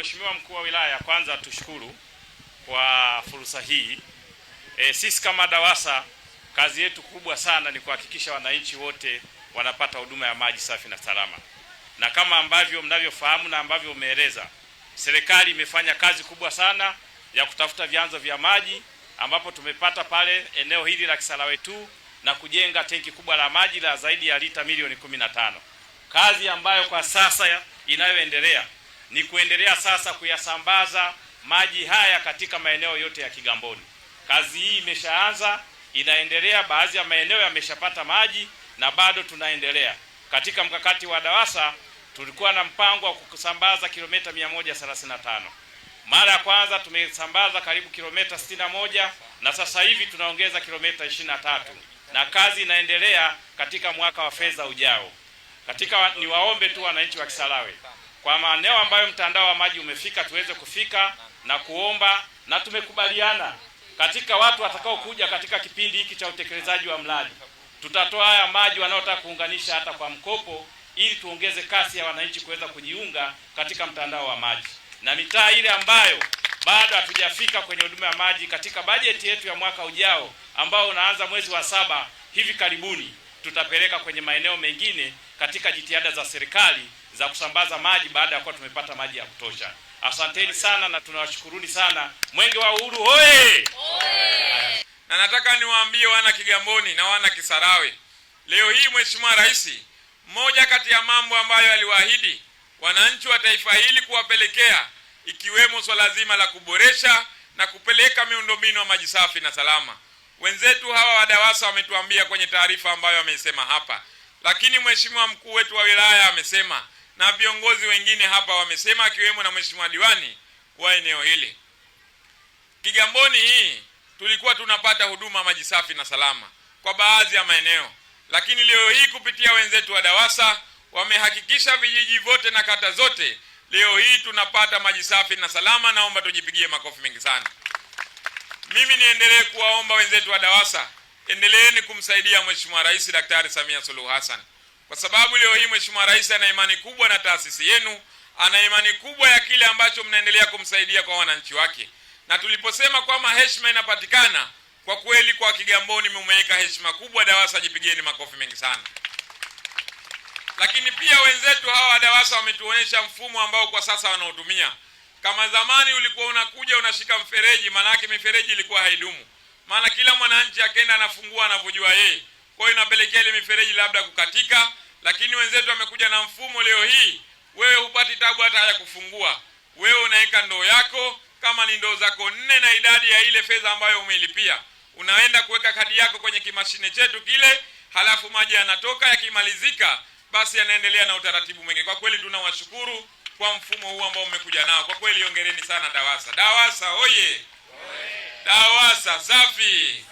Mheshimiwa mkuu wa wilaya, kwanza tushukuru kwa fursa hii. E, sisi kama DAWASA kazi yetu kubwa sana ni kuhakikisha wananchi wote wanapata huduma ya maji safi na salama, na kama ambavyo mnavyofahamu na ambavyo umeeleza, serikali imefanya kazi kubwa sana ya kutafuta vyanzo vya maji ambapo tumepata pale eneo hili la Kisarawe tu na kujenga tenki kubwa la maji la zaidi ya lita milioni 15, kazi ambayo kwa sasa inayoendelea ni kuendelea sasa kuyasambaza maji haya katika maeneo yote ya Kigamboni. Kazi hii imeshaanza, inaendelea, baadhi ya maeneo yameshapata maji na bado tunaendelea. Katika mkakati wa DAWASA tulikuwa na mpango wa kusambaza kilomita 135. Mara ya kwanza tumesambaza karibu kilomita 61 na sasa hivi tunaongeza kilomita 23 na kazi inaendelea katika mwaka wa fedha ujao. Katika niwaombe tu wananchi wa Kisarawe kwa maeneo ambayo mtandao wa maji umefika tuweze kufika na kuomba, na tumekubaliana katika watu watakaokuja katika kipindi hiki cha utekelezaji wa mradi tutatoa haya maji wanaotaka kuunganisha hata kwa mkopo, ili tuongeze kasi ya wananchi kuweza kujiunga katika mtandao wa maji na mitaa ile ambayo bado hatujafika kwenye huduma ya maji katika bajeti yetu ya mwaka ujao ambao unaanza mwezi wa saba hivi karibuni tutapeleka kwenye maeneo mengine katika jitihada za serikali za kusambaza maji baada ya kuwa tumepata maji ya kutosha. Asanteni sana na tunawashukuruni sana. Mwenge wa Uhuru hoye! Na nataka niwaambie wana Kigamboni na wana Kisarawe, leo hii Mheshimiwa Rais, mmoja kati ya mambo ambayo aliwaahidi wananchi wa taifa hili kuwapelekea, ikiwemo swala zima la kuboresha na kupeleka miundombinu ya maji safi na salama. Wenzetu hawa wa DAWASA wametuambia kwenye taarifa ambayo wameisema hapa, lakini mheshimiwa mkuu wetu wa wilaya amesema na viongozi wengine hapa wamesema, akiwemo na mheshimiwa diwani wa eneo hili. Kigamboni hii tulikuwa tunapata huduma maji safi na salama kwa baadhi ya maeneo, lakini leo hii kupitia wenzetu wa DAWASA wamehakikisha vijiji vyote na kata zote leo hii tunapata maji safi na salama. Naomba tujipigie makofi mengi sana. Mimi niendelee kuwaomba wenzetu wa DAWASA, endeleeni kumsaidia Mheshimiwa Rais Daktari Samia Suluhu Hassan, kwa sababu leo hii Mheshimiwa Rais ana imani kubwa na taasisi yenu, ana imani kubwa ya kile ambacho mnaendelea kumsaidia kwa wananchi wake. Na tuliposema kwamba heshima inapatikana kwa kweli, kwa Kigamboni mumeweka heshima kubwa. DAWASA jipigeni makofi mengi sana. Lakini pia wenzetu hawa wa DAWASA wametuonyesha mfumo ambao kwa sasa wanaotumia kama zamani ulikuwa unakuja unashika mfereji, maana yake mifereji ilikuwa haidumu, maana kila mwananchi akenda anafungua anavyojua yeye. Kwa hiyo inapelekea ile mifereji labda kukatika, lakini wenzetu wamekuja na mfumo. Leo hii wewe hupati tabu hata ya kufungua, wewe unaweka ndoo yako kama ni ndoo zako nne na idadi ya ile fedha ambayo umeilipia, unaenda kuweka kadi yako kwenye kimashine chetu kile, halafu maji yanatoka. Yakimalizika basi yanaendelea na utaratibu mwingine. Kwa kweli tunawashukuru kwa mfumo huu ambao mmekuja nao. Kwa kweli ongereni sana DAWASA. DAWASA oye! DAWASA safi!